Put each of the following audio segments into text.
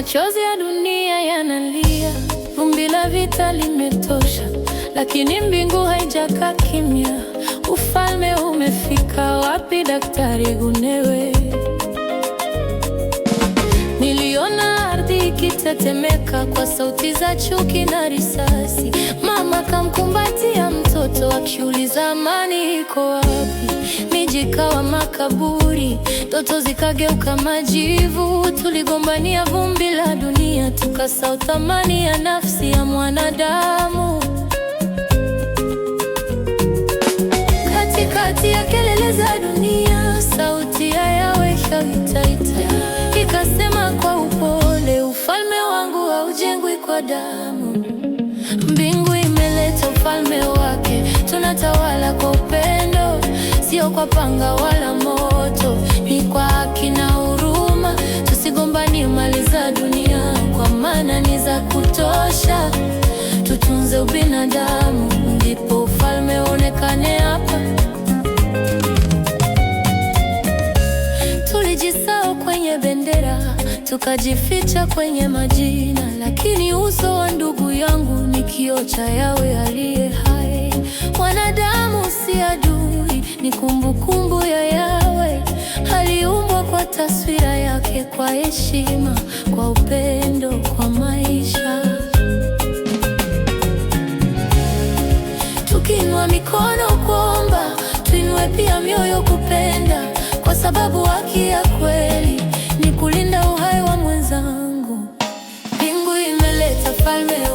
Machozi ya dunia yanalia, vumbi la vita limetosha, lakini mbingu haijakaa kimya. Ufalme umefika wapi, Daktari Gunewe? Niliona ardhi ikitetemeka kwa sauti za chuki na risasi, mama kamkumbatia watoto wakiuliza amani iko wapi, miji ikawa makaburi, ndoto zikageuka majivu. Tuligombania vumbi la dunia, tukasahau thamani ya nafsi ya mwanadamu. Katikati ya kelele za dunia, sauti ya Yahweh ikaita, ikasema kwa upole, ufalme wangu haujengwi kwa damu sio kwa panga wala moto, ni kwa haki na huruma. tusigombani mali za dunia, kwa maana ni za kutosha. Tutunze ubinadamu, ndipo ufalme uonekane hapa. Tulijisahau kwenye bendera, tukajificha kwenye majina, lakini uso wa ndugu yangu ni kioo cha yawe aliye hai. Wanadamu si adui ni kumbukumbu ya Yawe. Aliumbwa kwa taswira yake, kwa heshima, kwa upendo, kwa maisha. Tukiinua mikono kuomba, tuinue pia mioyo kupenda, kwa sababu haki ya kweli ni kulinda uhai wa mwenzangu. Mbingu imeleta falme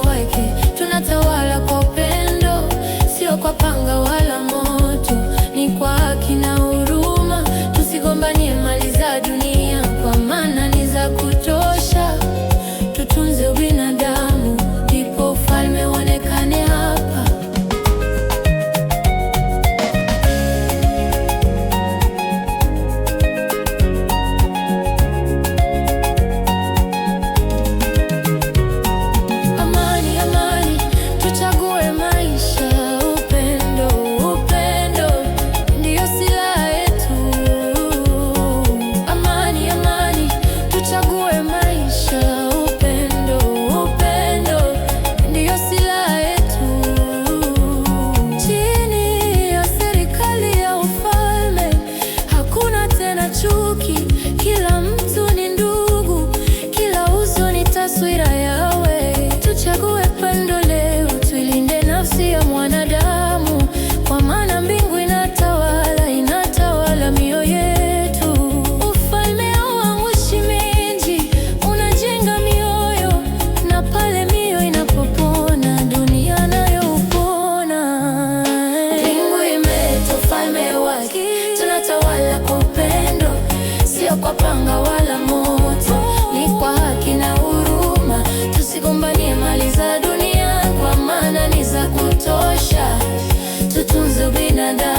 kwa panga wala moto, ni kwa haki na huruma. Tusigombanie mali za dunia, kwa maana ni za kutosha. Tutunze binadamu.